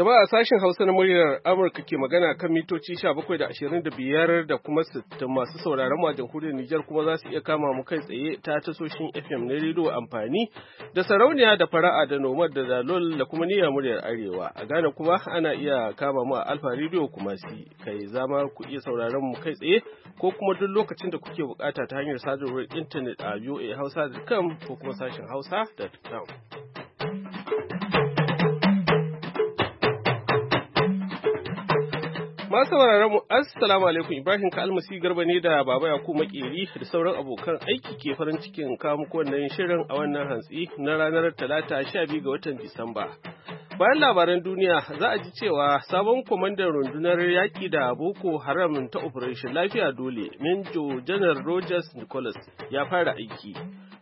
Jama'a sashen Hausa na muryar Amurka ke magana kan mitoci 17 da 25 da kuma 60 masu sauraron a jamhuriyar Nijar kuma za su iya kama mu kai tsaye ta tasoshin FM na rediyo amfani da sarauniya da fara'a da nomad da zalol da kuma niyyar muryar Arewa. A Ghana kuma ana iya kama mu a Alfa rediyo kuma si kai zama ku iya sauraron mu kai tsaye ko kuma duk lokacin da kuke bukata ta hanyar sadarwar intanet a voahausa.com ko kuma sashen hausa.com. Masu sauraron mu assalamu alaikum Ibrahim kalmasi garba ne da Baba Yakubu Makeri da sauran abokan aiki ke farin cikin kamu wannan shirin a wannan hantsi na ranar Talata sha biyu ga watan Disamba. Bayan labaran duniya za a ji cewa sabon kwamandan rundunar yaƙi da Boko Haram ta Operation Lafiya Dole, Minjo Janar Rogers Nicholas ya fara aiki.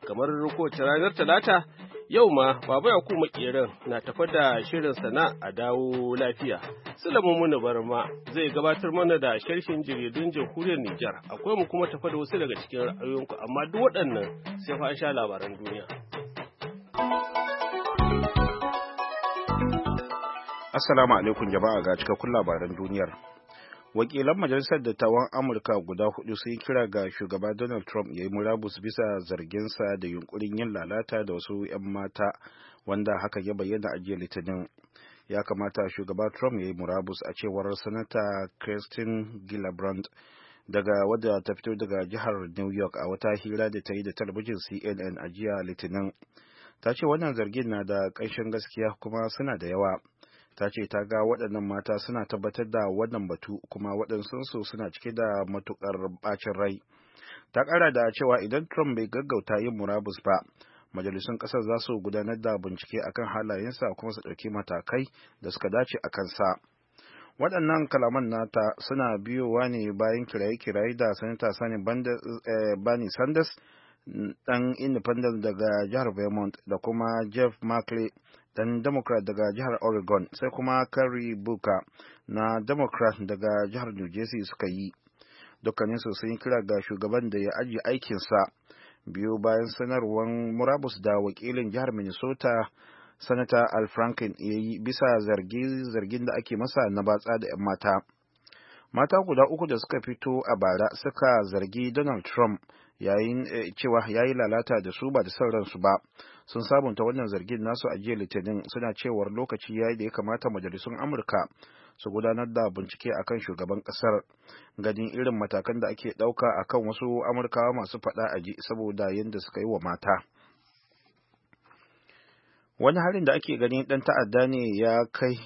Kamar kowace ranar Talata, Yau ma Baba Yakubu Makeran na tafa da shirin sana a dawo lafiya. sulamu Muni Barma zai gabatar mana da sharhin jaridun jamhuriyar Nijar. Akwai mu kuma tafa da wasu daga cikin ra'ayoyinku amma duk waɗannan sai fa an sha labaran duniya. Assalamu alaikum jama'a ga cikakkun labaran duniyar. wakilan majalisar dattawan amurka guda hudu sun kira ga shugaba donald trump ya yi murabus bisa zarginsa da yunkurin yin lalata da wasu 'yan mata wanda haka ya bayyana a jiya litinin ya kamata shugaba trump ya yi murabus a cewar sanata kristin gillibrand daga wadda ta fito daga jihar new york a wata hira da ta yi da talabijin cnn a jiya litinin ta ce wannan zargin na da ƙanshin gaskiya kuma suna da yawa ta ce ta ga waɗannan mata suna tabbatar da wannan batu kuma waɗansunsu suna cike da matuƙar ɓacin rai ta ƙara da cewa idan trump bai gaggauta yin murabus ba majalisun ƙasar za su gudanar da bincike akan halayensa kuma su ɗauki matakai da suka dace a kansa waɗannan kalaman nata suna biyowa ne bayan kiraye-kiraye da sanata sani bani eh, sanders ɗan independent daga jihar vermont da kuma jeff markley dan democrat daga jihar oregon sai kuma kari buka na democrat daga jihar new jersey suka yi dukkaninsu sun yi kira ga shugaban da ya ajiye aikinsa biyu bayan sanarwar murabus da wakilin jihar minnesota sanata al franken ya yi bisa zargin da ake masa na batsa da 'yan mata mata guda uku da suka fito a bara suka zargi donald trump yayin eh, cewa yayi lalata da su ba da son ransu ba sun sabunta wannan zargin nasu a jiya litinin suna cewar lokaci ya yi da ya kamata majalisun amurka su gudanar da bincike akan shugaban kasar ganin irin matakan da ake ɗauka kan wasu amurkawa masu faɗa a ji saboda yadda suka yi wa mata wani harin da ake ganin ɗan ta'adda ne ya kai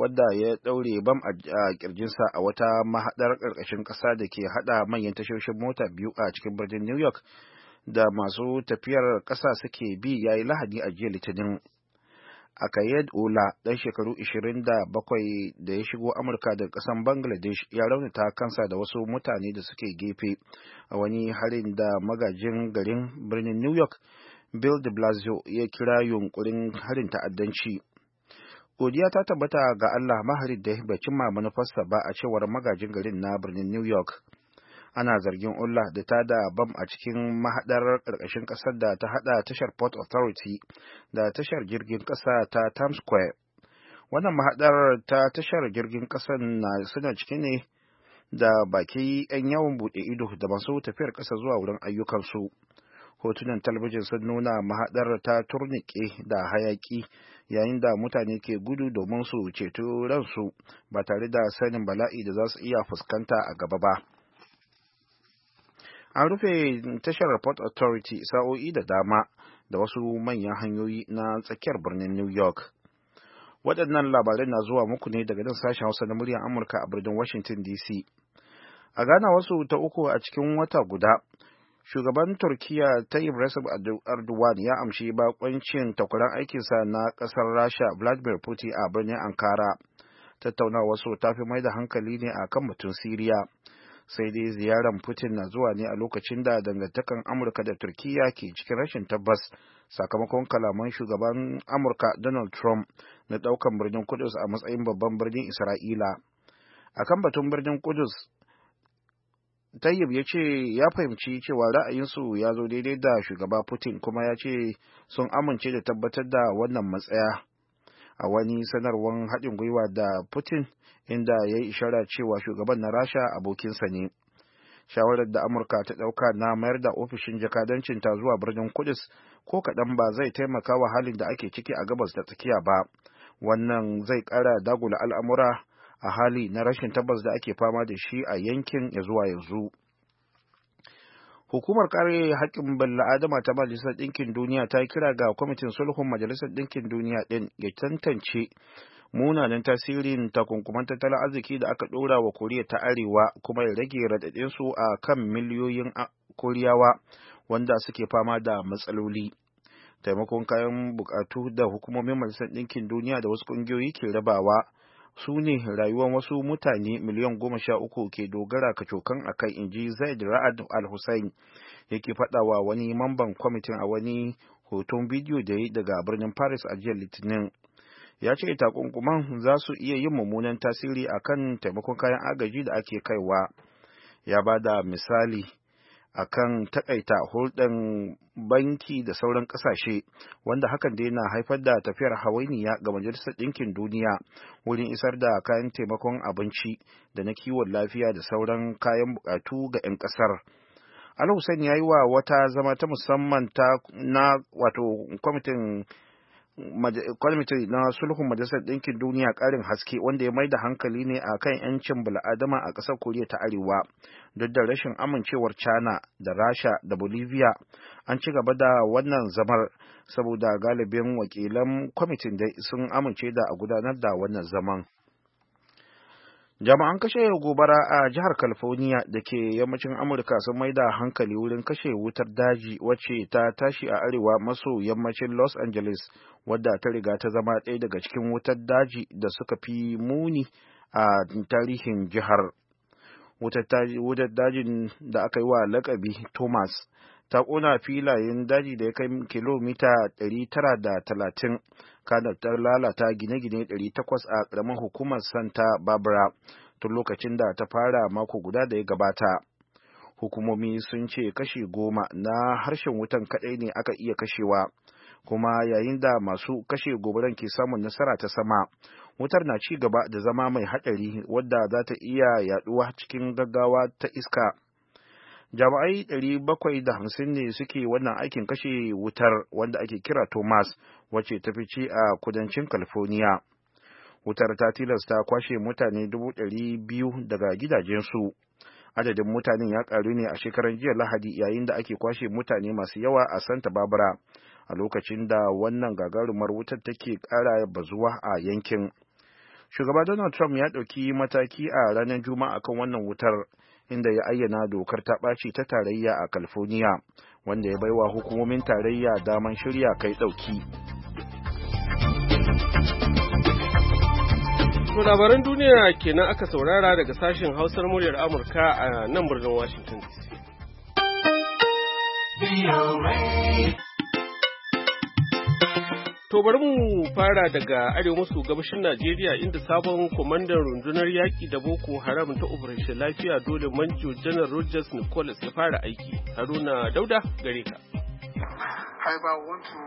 wadda ya daure bam a kirjinsa a wata mahaɗar karkashin ƙasa da ke haɗa manyan tashoshin mota biyu a cikin birnin new york da masu tafiyar ƙasa suke bi ya yi lahadi a jiya litinin a kayyad ola ɗan shekaru 27 da ya shigo amurka daga kasan bangladesh ya raunata kansa da wasu mutane da suke gefe a wani harin da magajin garin birnin new york bill de blasio ya kira yunkurin harin ta'addanci godiya ta tabbata ga Allah maharid da bai cimma manufarsa ba a cewar magajin garin na birnin New York. Ana zargin Ullah da ta da bam a cikin mahadar ƙarƙashin ƙasar da ta haɗa tashar Port Authority da tashar jirgin ƙasa ta Times Square. Wannan mahaɗar ta tashar jirgin ƙasar na suna cike ne da baki 'yan yawon buɗe ido da masu tafiyar ƙasa zuwa wurin ayyukansu. Hotunan talabijin sun nuna mahaɗar ta turniƙe da hayaƙi yayin da mutane ke gudu domin su ceto ransu ba tare da sanin bala'i da za su iya fuskanta a gaba ba an rufe tashar port authority sa'o'i da dama da wasu manyan hanyoyi na tsakiyar birnin new york waɗannan labarai na zuwa muku ne daga nan sashen hausa na muryar amurka a birnin washington dc a gana wasu ta uku a cikin wata guda shugaban turkiya tayyip recep erdogan ya amshi bakoncin takwaran aikinsa na kasar rasha vladimir putin a birnin ankara tattauna wasu ta fi mai da hankali ne a kan batun siriya sai dai ziyarar putin na zuwa ne a lokacin da dangantakan amurka da turkiya ke cikin rashin tabbas sakamakon kalaman shugaban amurka donald trump na daukan birnin kudus a matsayin babban birnin isra'ila a kan batun birnin kudus tayyib ya ce ya fahimci cewa ra'ayinsu ya zo daidai da shugaba putin kuma ya ce sun amince da tabbatar da wannan matsaya a wani sanarwar haɗin gwiwa da putin inda ya yi ishara cewa shugaban na rasha abokinsa ne shawarar da amurka ta ɗauka na mayar da ofishin jakadancin ta zuwa birnin kudus ko kaɗan ba zai taimaka wa halin da ake ciki a gabas da tsakiya ba wannan zai ƙara dagula al'amura a hali na rashin tabbas da ake fama da shi a yankin ya zuwa yanzu hukumar kare haƙƙin bala'adama ta majalisar ɗinkin duniya ta kira ga kwamitin sulhun majalisar ɗinkin duniya ɗin ya tantance munanan tasirin takunkuman tattalin arziki da aka ɗora wa koriya ta arewa kuma ya rage raɗaɗinsu a kan miliyoyin koriyawa wanda suke fama da matsaloli taimakon kayan bukatu da hukumomin majalisar ɗinkin duniya da wasu ƙungiyoyi ke rabawa su ne rayuwar wasu mutane miliyan goma sha uku ke dogara kacokan a kai in ji zaid ra'ad al-hussein yake faɗawa wani mamban kwamitin a wani hoton bidiyo da ya daga birnin paris a jiya litinin ya ce takunkuman za su iya yin mummunan tasiri akan taimakon kayan agaji da ake kaiwa ya ba da misali a kan takaita hulɗin banki da sauran ƙasashe wanda hakan dai na haifar da tafiyar hawainiya ga majalisar ɗinkin duniya wurin isar da kayan taimakon abinci da na kiwon lafiya da sauran kayan buƙatu ga 'yan ƙasar. al ya yi wa wata zama ta musamman na wato kwamitin kwalmiti na sulhun majalisar ɗinkin duniya ƙarin haske wanda ya mai da hankali ne a kan 'yancin bala'adama a ƙasar koriya ta arewa duk da rashin amincewar china da rasha da bolivia an ci gaba da wannan zamar saboda galibin wakilan kwamitin dai sun amince da a gudanar da wannan zaman jama'an kashe gobara a jihar california da ke yammacin amurka sun maida hankali wurin kashe wutar daji wacce ta tashi a arewa maso yammacin los angeles wadda ta riga ta zama ɗaya daga cikin wutar daji da suka fi muni a tarihin jihar wutar dajin da aka yi wa lakabi thomas ta kuna filayen daji da ya kai kilomita 930 kada ta lalata gine-gine 800 a ƙaramin hukumar santa barbara tun lokacin da ta fara mako guda da ya gabata hukumomi sun ce kashi goma na harshen wutan kaɗai ne aka iya kashewa kuma yayin da masu kashe gobaran ke samun nasara ta sama wutar na ci gaba da zama mai haɗari wadda za ta iya yaɗuwa cikin gaggawa ta iska jami'ai 750 ne suke wannan aikin kashe wutar wanda ake kira thomas wacce ta fice a kudancin california wutar ta tilasta kwashe mutane 200,000 daga gidajensu adadin mutanen ya karu ne a shekarar jiya lahadi yayin da ake kwashe mutane masu yawa a santa barbara a lokacin da wannan gagarumar wutar take kara bazuwa a yankin shugaba donald trump ya ɗauki mataki a ranar juma'a kan wannan wutar inda ya ayyana dokar ta ɓaci ta tarayya a california wanda ya baiwa hukumomin tarayya daman shirya kai ɗauki labaran duniya kenan aka saurara daga sashen hausar muryar amurka a nan birnin washington dc To bari mu fara daga arewa maso gabashin Najeriya inda sabon kwamandan rundunar yaƙi da Boko Haram ta Operation Lafiya dole Manjo Janar Rogers Nicholas ya fara aiki. Haruna Dauda gare ka. However, I want to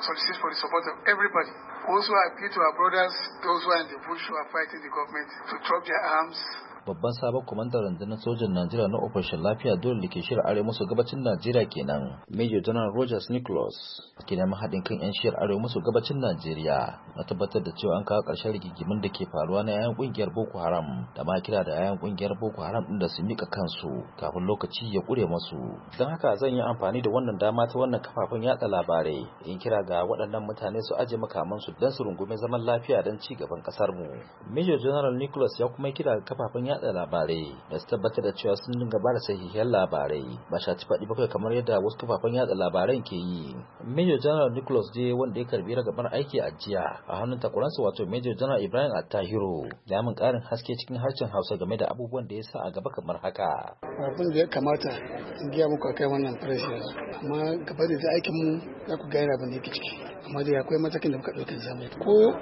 solicit for the support of everybody. Also, I appeal to our brothers, those who are in the bush who are fighting the government, to drop their arms babban sabon kwamandan rundunar sojan najeriya na ofishin lafiya dole da ke shirin arewa maso gabacin najeriya kenan major general rogers nicholas ke neman haɗin kan yan shiyar arewa maso gabacin najeriya na tabbatar da cewa an kawo ƙarshen rigigimin da ke faruwa na yayan ƙungiyar boko haram da ma kira da yayan ƙungiyar boko haram ɗin da su mika kansu kafin lokaci ya ƙure masu don haka zan yi amfani da wannan dama ta wannan kafafen yatsa labarai in kira ga waɗannan mutane su aje makamansu don su rungume zaman lafiya don ci gaban ƙasarmu major general nicholas ya kuma kira ga kafafen yada labarai da su tabbatar da cewa sun dinga bada sahihiyar labarai ba ci faɗi bakwai kamar yadda wasu kafafen yada labarai ke yi major general nicholas je wanda ya karbi ragabar aiki a jiya a hannun takwaransa wato major general ibrahim attahiro ya min karin haske cikin harshen hausa game da abubuwan da ya sa a gaba kamar haka abin da ya kamata in gaya muku akai wannan fresh amma gaba da aikin mu za ku gaira abin da yake ciki amma dai akwai matakin da muka ɗauka zamu ko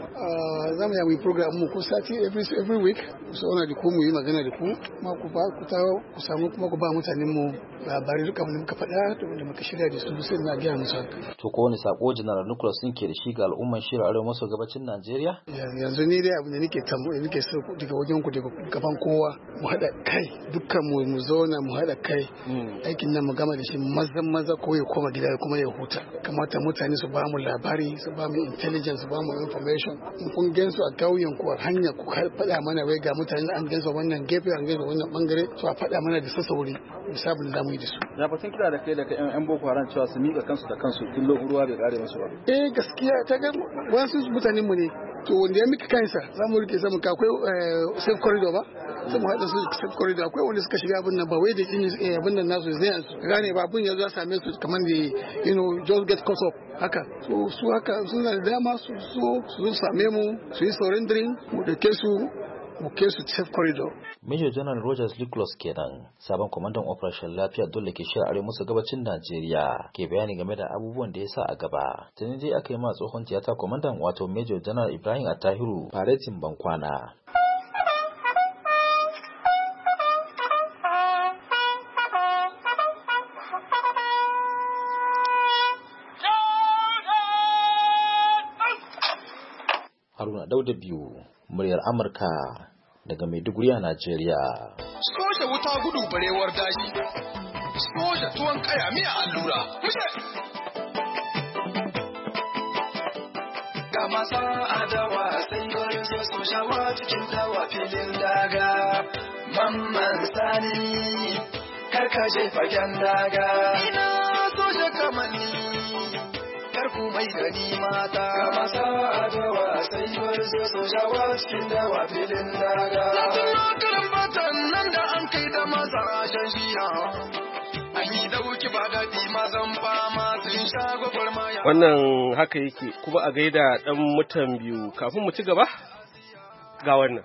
za mu yi program mu ko sati every every week ku sauna da ku mu yi magana da ku kuma ku ba ku tawo ku samu kuma ku ba mutanen mu labarai duka wanda muka faɗa da wanda muka shirya da su sai na gaya musu to ko wani sako general Nicholas din ke da shi ga al'umman shirin arewa maso gabacin Najeriya yanzu ni dai abin da nake tambaye nake so daga wajen ku daga gaban kowa mu haɗa kai dukkan mu mu zauna mu haɗa kai hmm. aikin nan mu gama da shi mazan maza ko ya koma gida kuma ya huta kamata mutane su ba mu labari labari su ba mu intelligence ba mu information in kun gansu a kauyen ku a hanya ku faɗa mana wai ga mutane an gansu wannan gefe an gansu wannan bangare su a faɗa mana da sassauri misabin da mu yi da su ya fatan kira da kai da yan boko haram cewa su miƙa kansu da kansu kullum lokuruwa bai kare musu ba eh gaskiya ta ga wasu mutanen mu ne to wanda ya miki kansa za mu rike samun kakwai eh, safe corridor ba sai mu haɗa su safe corridor akwai wanda suka shiga abin nan ba wai da jini eh, abin nan nasu zai su gane ba abin ya za same su kamar da you know just get caught up haka so su haka suna da dama su so su same mu su yi surrendering mu dauke su mu su safe corridor. Major General Rogers Nicholas kenan sabon kwamandan operation lafiya dole ke shirin arewa musu gabacin Najeriya ke bayani game da abubuwan da ya sa a gaba. Tuni dai aka yi ma tsohon tiyata kwamandan wato Major General Ibrahim Atahiru, faretin bankwana. Haruna Dauda biyu muryar Amurka daga Maiduguri a Najeriya. Soja wuta gudu barewar daji, soja tuwon kaya miya allura, kushe! Ga masu adawa sai wani su cikin dawa filin daga, mamman sani, karka je fagen daga. mai da ni mata ga mata a dawa sai barzo su shawa cikin dawa filin daga zafin lokacin batan nan da an kai da masara shan jiya Wannan haka yake kuma a gaida dan mutan biyu kafin mu ci gaba ga wannan.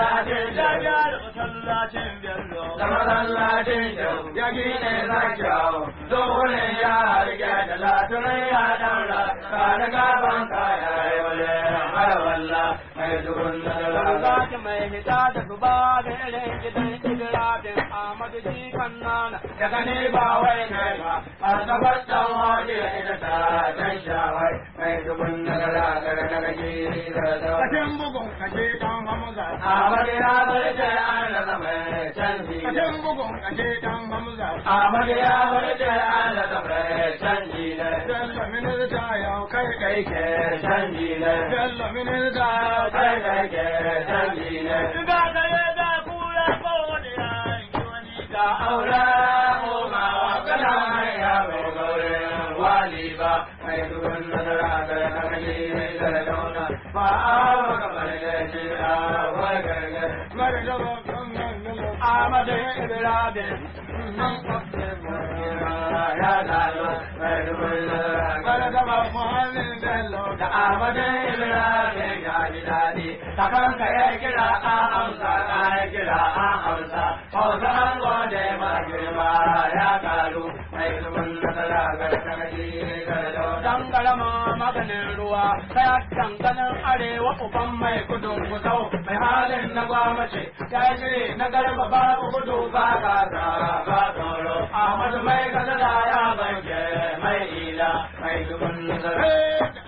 masallacin jaja da ya gine na kyawo dogonin ya harge da latunan ya daura ka da gaban har walla mai duhun lalata mai hita da duba da irin gidan idirabin amadu jikan nana daga ne ba wai nai a kafar dan waje ita ta dan shawai mai duhun lalata da rage da da kashin bugun kashe dan hamza a bari na bari da an da mai canji kashin bugun kashe dan hamza a bari na bari da an da mai canji da dan min da ta yau kai kai ke canji da minin da ta rage dalilin. Ga da ya da kura kowane yanki wani da aure oma wa kana ya mai gaure ba mai duwan nazara a hankali mai da launa ba a maka a a da da Ahmadu Ibrahim ya ji daɗi. Kakan kanka ya kira a amsa, ka ya kira a amsa. Hausa an gode ma girma ya karu, mai zumun nasara ga kanaji. garama maganin ruwa kaya tanganin arewa uban mai gudun gudau mai halin na gwamace ya jire na garba babu gudu ba gasa ba tsoro ahmadu mai gazala ya banke mai ila mai dubun da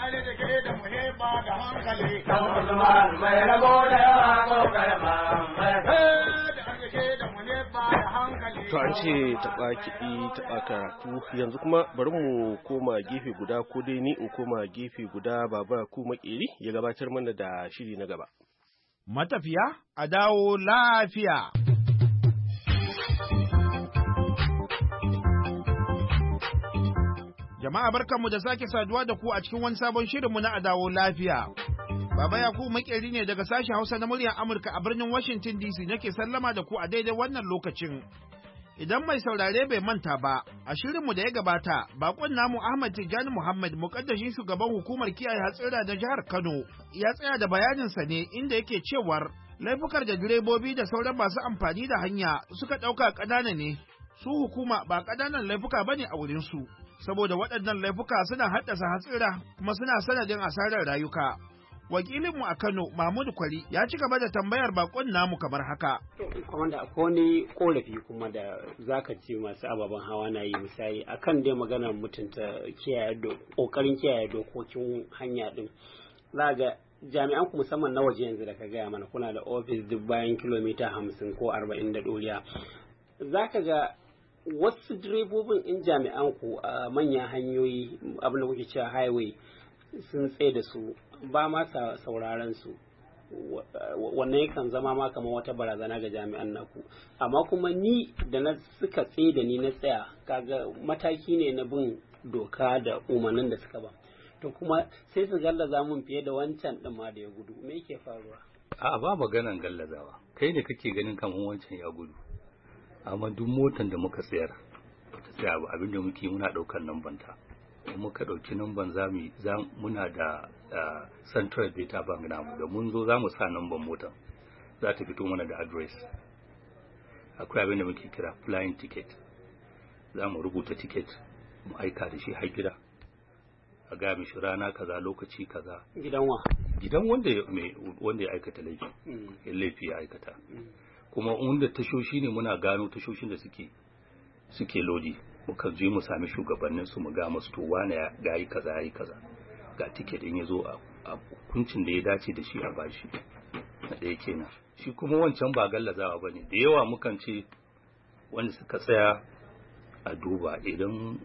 arziki da muhimma da hankali kan mai rago da To an ce taɓa kiɗi taɓa karatu yanzu kuma bari mu koma gefe guda ko dai ni in koma gefe guda baba ku makeri ya gabatar mana da shiri na gaba. Matafiya a dawo lafiya. Jama'a barkanmu da sake saduwa da ku a cikin wani sabon shirin mu na Adawo Lafiya. Baba Yakubu makeri ne daga sashen Hausa na muryar Amurka a birnin Washington DC nake sallama da ku a daidai wannan lokacin. Idan mai saurare bai manta ba, a shirinmu da ya gabata, bakon namu Ahmad Tijjani Muhammad mukaddashin shugaban hukumar kiyaye hatsira na jihar Kano ya tsaya da bayaninsa ne inda yake cewar laifukar da direbobi da sauran masu amfani da hanya suka ɗauka ƙanana ne, su hukuma ba ƙananan laifuka ba ne a wurinsu, saboda waɗannan laifuka suna haddasa hatsira kuma suna sanadin asarar rayuka. wakilinmu a Kano Mahmud Kwari ya ci gaba da tambayar bakon namu kamar haka. Wanda akwai wani korafi kuma da zaka ce masu ababen hawa na yi misali akan dai magana mutunta kiyaye kokarin kiyaye dokokin hanya din. Za ga jami'an ku musamman na waje yanzu da ka gaya mana kuna da ofis duk bayan kilomita hamsin ko arba'in da ɗoriya. Za ka ga wasu direbobin in jami'an ku a manyan hanyoyi abin da kuke cewa highway sun tsaye da su ba ma sauraron su wannan yakan zama ma kamar wata barazana ga jami'an naku amma kuma ni da na suka tsaye da ni na tsaya kaga mataki ne na bin doka da umarnin da suka ba to kuma sai su gallaza mun fiye da wancan din ma da ya gudu me yake faruwa a ba maganan gallazawa kai ne kake ganin kamar wancan ya gudu amma duk motan da muka tsayar ta tsaya ba abinda muke muna daukar nan banta muka ɗauki numban zami muna da central data bank namu da mun zo za mu sa numban mota za ta fito mana da address akwai abin da muke kira flying ticket za mu rubuta ticket mu aika da shi har gida a ga mishi rana kaza lokaci kaza gidan wa gidan wanda wanda ya aikata laifi mm. ya laifi ya aikata mm. kuma wanda tashoshi ne muna gano tashoshin da suke suke lodi muka je mu sami shugabannin su mu ga musu to wane ya yi kaza yi kaza ga tiketin ya zo a hukuncin da ya dace da shi a bashi na ɗaya kenan shi kuma wancan ba gallazawa ba ne da yawa mukan ce wanda suka tsaya a duba idan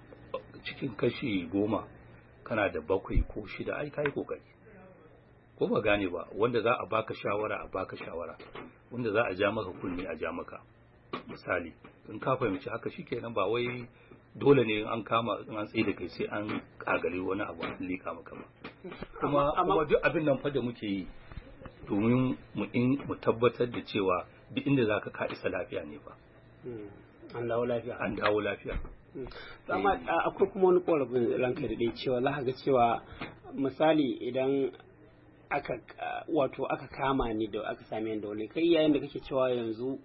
cikin kashi goma kana da bakwai ko shida ai kai kokari ko ba gane ba wanda za a baka shawara a baka shawara wanda za a ja maka kunni a ja maka misali in ka fahimci haka shikenan ba wai dole ne an kama an tsaye da kai sai an kagare wani abu an lika maka ba kuma kuma duk abin nan fa da muke yi domin mu in mu tabbatar da cewa duk inda zaka ka isa lafiya ne fa hmm, an dawo lafiya an dawo lafiya hmm, amma eh. akwai kuma wani korafin ranka da dai cewa za ga cewa misali idan aka wato aka kama ni da aka same da wani kai yayin da kake cewa yanzu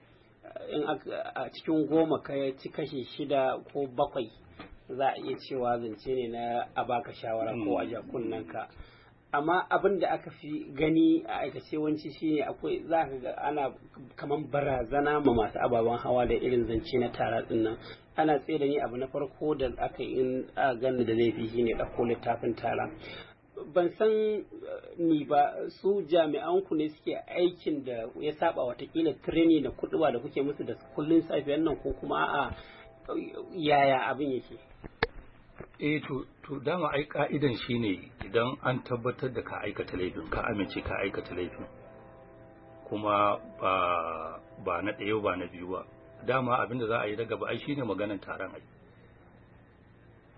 in a cikin goma ka ci kashi shida ko bakwai za a iya cewa zance ne na a baka shawara ko a jakunan ka amma abin da aka fi gani a aikace wanci shine akwai za ka ga ana kaman barazana ma masu ababen hawa da irin zance na tara nan ana tsere ne ni abu na farko da aka yi in a gani da laifi shine ɗauko littafin tara ban san eh, ni ba su jami'an ku ne suke aikin da ya saba watakila training da kuduwa da kuke musu da kullun safiyar nan ko kuma a yaya abin yake eh to to dama ai ka'idan shine idan an tabbatar da ka aikata laifin ka amince ka aikata laifin kuma ba ba na ɗaya ba na biyu ba dama abin da za a yi daga ba ai shine maganan taron ai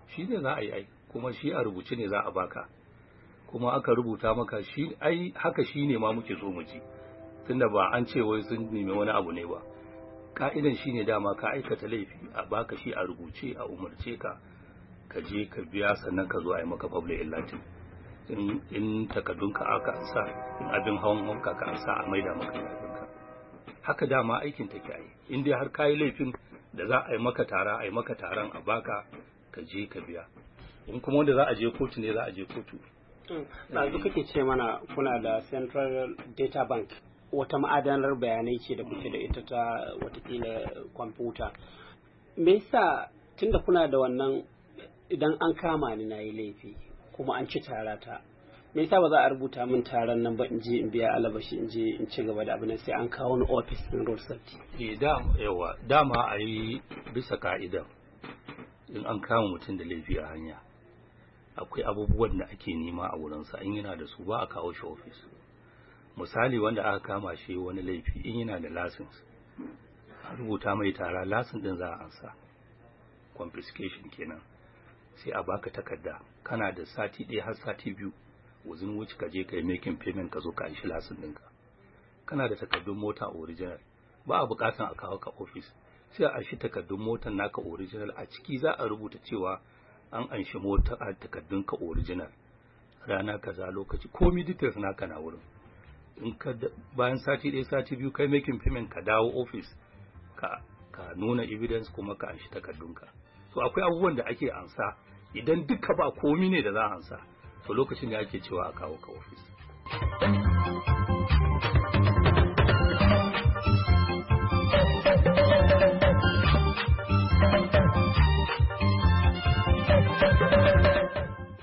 shine za a yi ai kuma shi a rubuce ne za a baka kuma aka rubuta maka shi ai haka shi ne ma muke so mu ji tunda ba an ce wai sun nemi wani abu ne ba ka'idan shi ne dama ka aikata laifi a baka shi a rubuce a umarce ka ka je ka biya sannan ka zo a yi maka public illatin in in aka ansa in abin hawan hanka ka ansa a maida maka yarinka haka dama aikin take yi. in dai har kayi laifin da za a yi maka tara a yi maka taron a baka ka je ka biya in kuma wanda za a je kotu ne za a je kotu Ɗazu kake ce mana kuna da Central Data Bank wata ma'adanar bayanai ce da kuke da ita ta watakila kwamfuta. Me yasa tunda kuna da wannan idan an kama ni na yi laifi kuma an ci tara ta me yasa ba za a rubuta min taron nan ba in je in biya alabashi in je in ci gaba da abin sai an kawo ni office din road safety eh da yawa dama a yi bisa ka'ida in an kama mutum da laifi a hanya akwai abubuwan da ake nema a wurinsa in yana da su ba a kawo shi ofis misali wanda aka kama shi wani laifi in yana da lasins a rubuta mai tara lasin din za a ansa confiscation kenan sai a baka takarda kana da sati ɗaya har sati biyu wuzin wuce ka je kai making payment ka zo ka license lasin ka kana da takardun mota original ba a buƙatar a kawo ka ofis sai a shi takardun motar naka original a ciki za a rubuta cewa an anshi mota a takardunka original rana kaza lokaci komi details naka na wurin in ka bayan sati ɗaya sati biyu kai making payment ka dawo office ka ka nuna evidence kuma ka anshi takardunka so akwai abubuwan da ake ansa idan duka ba komi ne da za a ansa to lokacin da ake cewa a kawo ka office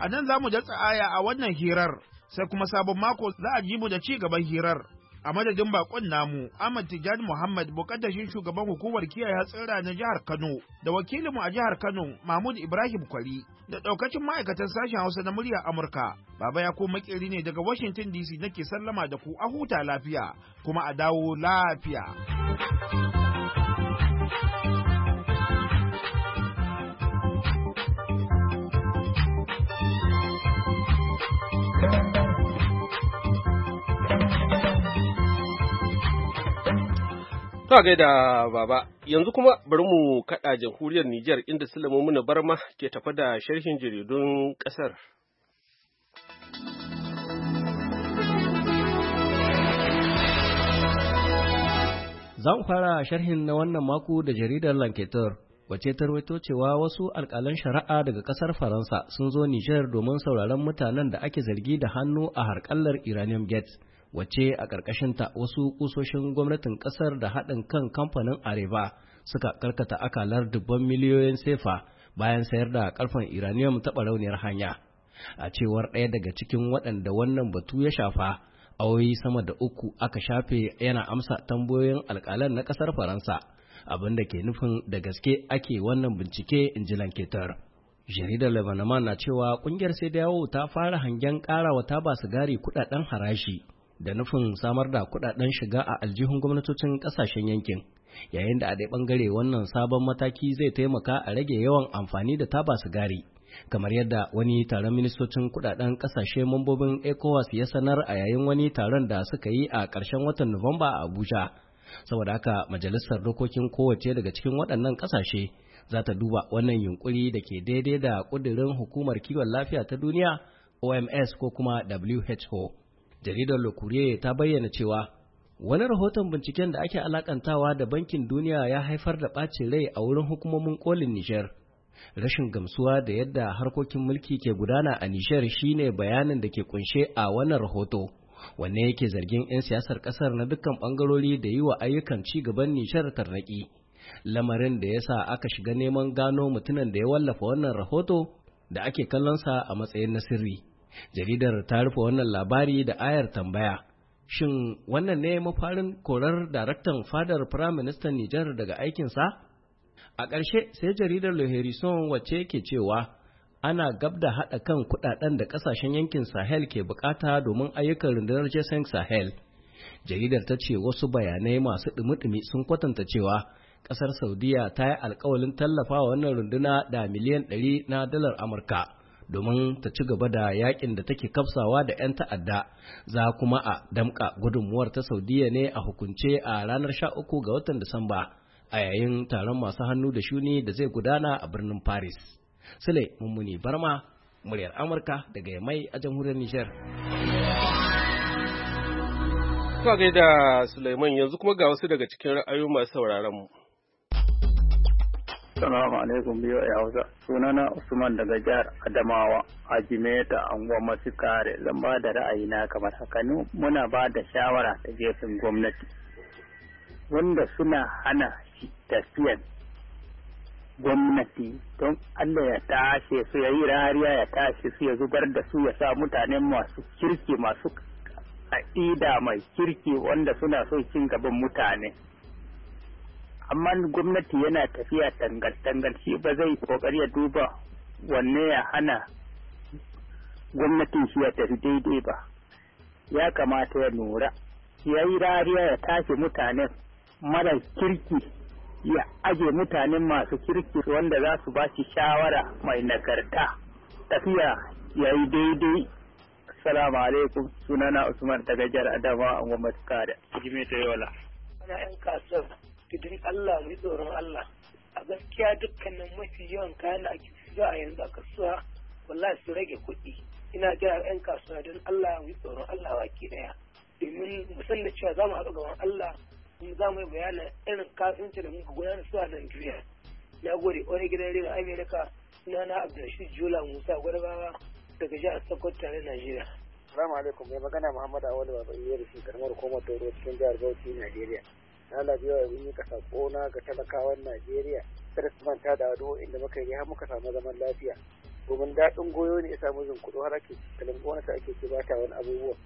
A nan za mu datsa aya a wannan hirar, sai kuma sabon mako za a ji mu da ci gaban hirar. A madadin bakon namu, Ahmad Tijjani Muhammad bukatashin shugaban hukumar kiyaye hatsira na jihar Kano, da wakilinmu a jihar Kano, Mahmud Ibrahim Kwari, da ɗaukacin ma'aikatan sashen Hausa na murya Amurka. Baba ya ko makeri ne daga Washington DC nake sallama da ku a huta lafiya, kuma a dawo lafiya. ga da baba, yanzu kuma bari mu kaɗa jamhuriyar Nijar inda Sulaimu Barma ke tafa da sharhin jaridun ƙasar. Za mu fara sharhin na wannan mako da jaridar lanketor wace ta rawaito cewa wasu alƙalan shari'a daga ƙasar Faransa sun zo Nijar domin sauraron mutanen da ake zargi da hannu a harƙallar Iranium Gate. wace a ƙarƙashinta wasu kusoshin gwamnatin ƙasar da haɗin kan kamfanin Areva suka karkata akalar dubban miliyoyin sefa bayan sayar da ƙarfen iraniyam ta barauniyar hanya. A cewar ɗaya daga cikin waɗanda wannan batu ya shafa, awoyi sama da uku aka shafe yana amsa tambayoyin alƙalan na ƙasar Faransa, abin da ke nufin da gaske ake wannan bincike in ji lanketar. jaridar lebanon na cewa ƙungiyar sai da yawo ta fara hangen karawa ta ba sigari kuɗaɗen harashi da nufin samar da kudaden shiga a aljihun gwamnatocin kasashen yankin yayin da a ɗaya ɓangare wannan sabon mataki zai taimaka a rage yawan amfani da taba sigari kamar yadda wani taron ministocin kudaden kasashe mambobin ecowas ya sanar a yayin wani taron da suka yi a ƙarshen watan nuwamba a abuja saboda haka majalisar dokokin kowace daga cikin waɗannan ƙasashe za ta duba wannan yunkuri da ke daidai da ƙudurin hukumar kiwon lafiya ta duniya oms ko kuma who jaridar Le ta bayyana cewa wani rahoton binciken da ake alakantawa da bankin duniya ya haifar da ɓacin rai a wurin hukumomin kolin Nijar. Rashin gamsuwa da yadda harkokin mulki ke gudana a Nijar shine bayanin da ke kunshe a wannan rahoto. Wanne yake zargin 'yan siyasar ƙasar na dukkan ɓangarori da yi wa ayyukan ci gaban Nijar tarnaƙi. Lamarin da ya sa aka shiga neman gano mutumin da ya wallafa wannan rahoto da ake kallonsa a matsayin na sirri. jaridar ta rufe wannan labari da ayar tambaya shin wannan ne mafarin korar daraktan fadar firaministan Nijar daga aikinsa? A ƙarshe sai jaridar Le Harrison wacce ke cewa ana gab da haɗa kan kuɗaɗen da ƙasashen yankin Sahel ke bukata domin ayyukan rundunar Jason Sahel. Jaridar ta ce wasu bayanai masu ɗumi-ɗumi sun kwatanta cewa ƙasar Saudiya ta yi alkawalin tallafa wannan runduna da miliyan ɗari na dalar Amurka. domin ta ci gaba da yakin da take kafsawa da 'yan ta'adda za kuma a damƙa gudunmuwar ta saudiya ne a hukunce a ranar sha uku ga watan disamba a yayin taron masu hannu da shuni da zai gudana a birnin paris sule mummuni barma muryar amurka daga mai a jamhuriyar nijar Kuka gaida Suleiman yanzu kuma ga wasu daga cikin ra'ayoyin masu sauraron mu. Assalamu alaikum biyo a hausa. Sunana Usman daga jihar Adamawa a Jimeta anguwar masu kare zan ba da ra'ayina kamar haka muna ba da shawara ta gefen gwamnati. Wanda suna hana tafiyan gwamnati don Allah ya tashe su ya yi rariya ya tashe su ya zubar da su ya sa mutane masu kirki masu aƙida mai kirki wanda suna so cin gaban mutane. amma gwamnati yana tafiya tangal-tangal shi ba zai kokari ya duba wanne ya hana gwamnatin shi ya tafi daidai ba ya kamata ya nura. ya yi rariya ya tashi mutanen mara kirki ya aje mutanen masu kirki wanda za su ba shi shawara mai nagarta tafiya ya yi daidai salamu alaikum sunana Usman daga jihar Adamawa a gwamnati kada. Jimi yola. gidan Allah mai tsoron Allah a gaskiya dukkanin mafi yawan kayan da ake za a yanzu a kasuwa wallahi su rage kuɗi ina jira 'yan kasuwa don Allah mai tsoron Allah waki daya domin musan da cewa za mu haɗu gaban Allah kuma za mu yi bayanin irin kasuwanci da muka gudanar su a Najeriya na gode wani gidan rediyon Amerika na Abdulrashid Jula Musa Gwarbawa daga jihar Sokoto tare Najeriya. Salamu alaikum mai magana Muhammadu Awali Baba Iyeri shi karamar hukumar Toro cikin jihar Bauchi Najeriya. na labiyawa mun yi kasa kona ga talakawan najeriya kada su manta da addu'o'in inda muka yi har muka samu zaman lafiya domin daɗin goyo ne ya samu zunkuɗo har ake gona ta ake ke bata wani abubuwa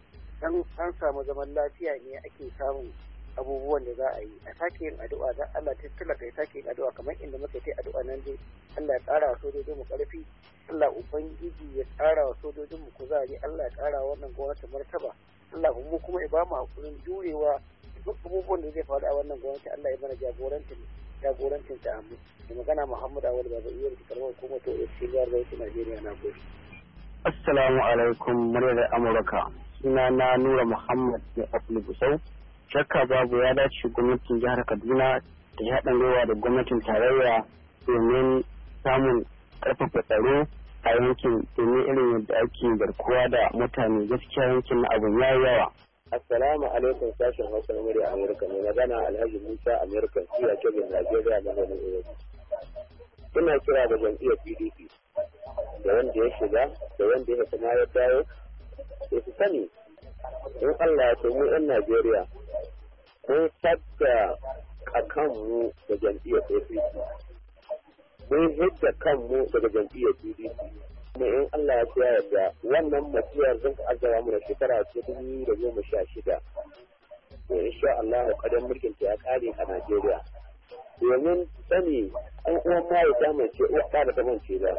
dan an samu zaman lafiya ne ake samun abubuwan da za a yi a sake yin addu'a dan Allah ta talaka ya sake yin addu'a kamar inda muka yi addu'a nan dai Allah ya ƙara wa sojojin mu ƙarfi Allah ubangiji ya ƙara wa sojojin mu kuzari Allah ya ƙara wannan gwamnati martaba Allah kuma ya ba mu hakurin jurewa duk abubuwan da zai faru a wannan gwamnati Allah ya mana jagorancin jagorancin ta amu da magana Muhammad zai Baba Iyar Karmar Hukumar ta OSC Jihar Bauchi Najeriya na gobe. Assalamu alaikum muryar Amurka suna na Nura Muhammad ne Abdul Gusau shakka babu ya dace gwamnatin jihar Kaduna ta yi haɗin gwiwa da gwamnatin tarayya domin samun ƙarfafa tsaro a yankin domin irin yadda ake garkuwa da mutane gaskiya yankin na abin yayi yawa Assalamu alaikum sashen Hausa na murya Amurka mai magana Alhaji Musa Amurka ke bin Najeriya na wani Oyoji. Ina kira da jam'iyyar PDP da wanda ya shiga da wanda ya kuma ya dawo da su sani in Allah ya mu 'yan Najeriya mun sadda a kanmu da jam'iyyar APC mun hidda kanmu daga jam'iyyar PDP ne in Allah ya ya yadda wannan matiyar zan arzawa mu da shekara ta dubu da goma sha shida to insha Allah kadan mulkin ta ya kare a Najeriya domin sani an kuma mai ta mai ce uwa da ta mance ba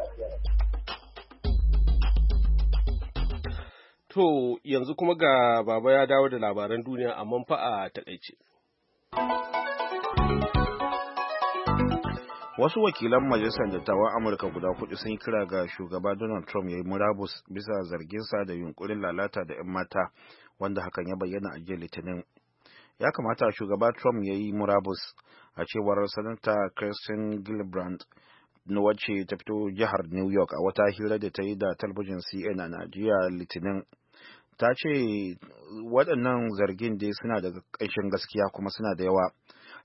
To yanzu kuma ga baba ya dawo da labaran duniya amma fa a taƙaice. wasu wakilan majalisar dattawan amurka guda kudu sun yi kira ga shugaba donald trump ya yi murabus bisa zarginsa da yunkurin lalata da 'yan mata wanda hakan ya bayyana a jiya litinin ya kamata shugaba trump ya yi murabus a cewar sanata kirsten gillibrand na wacce ta fito jihar new york a wata hira da ta yi da talabijin cn a najeriya litinin ta ce waɗannan zargin dai suna da ƙanshin gaskiya kuma suna da yawa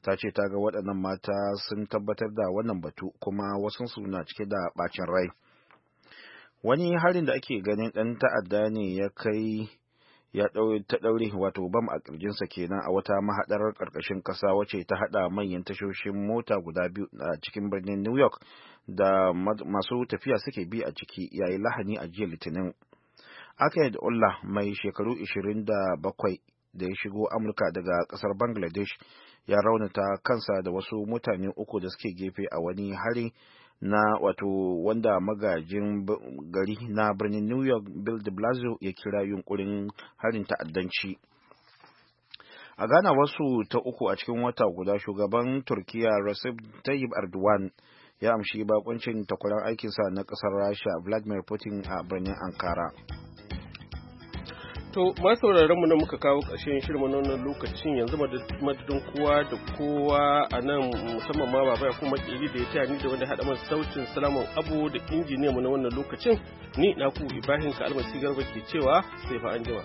ta ce ta ga waɗannan mata sun tabbatar da wannan batu kuma wasu suna cike da ɓacin rai wani harin da ake ganin ɗan ta'adda ne ya kai ya ta ɗaure wato bam a ƙirjinsa kenan a wata mahaɗar ƙarƙashin ƙasa wacce ta haɗa manyan tashoshin mota guda biyu a cikin birnin new york da masu tafiya suke bi a ciki yayi lahani a jiya litinin akayed ullah mai shekaru da bakwai da ya shigo amurka daga ƙasar bangladesh ya raunata kansa da wasu mutane uku da suke gefe a wani hari na wato wanda magajin gari na birnin new york bill de blasio ya kira yunkurin harin ta'addanci a gana wasu ta uku a cikin wata guda shugaban turkiya recep tayyip erdogan ya amshi bakuncin takwaran aikinsa na kasar rasha vladimir putin a birnin ankara To, masu mu na muka kawo ƙarshen shirin wannan lokacin yanzu madadin kowa da kowa a nan musamman ma baba ya kuma kiri da ya taya ni da wanda haɗa man sautin salamun abu da injiniya mu na wannan lokacin ni na ku Ibrahim Kalmasi Garba ke cewa sai fa anjima.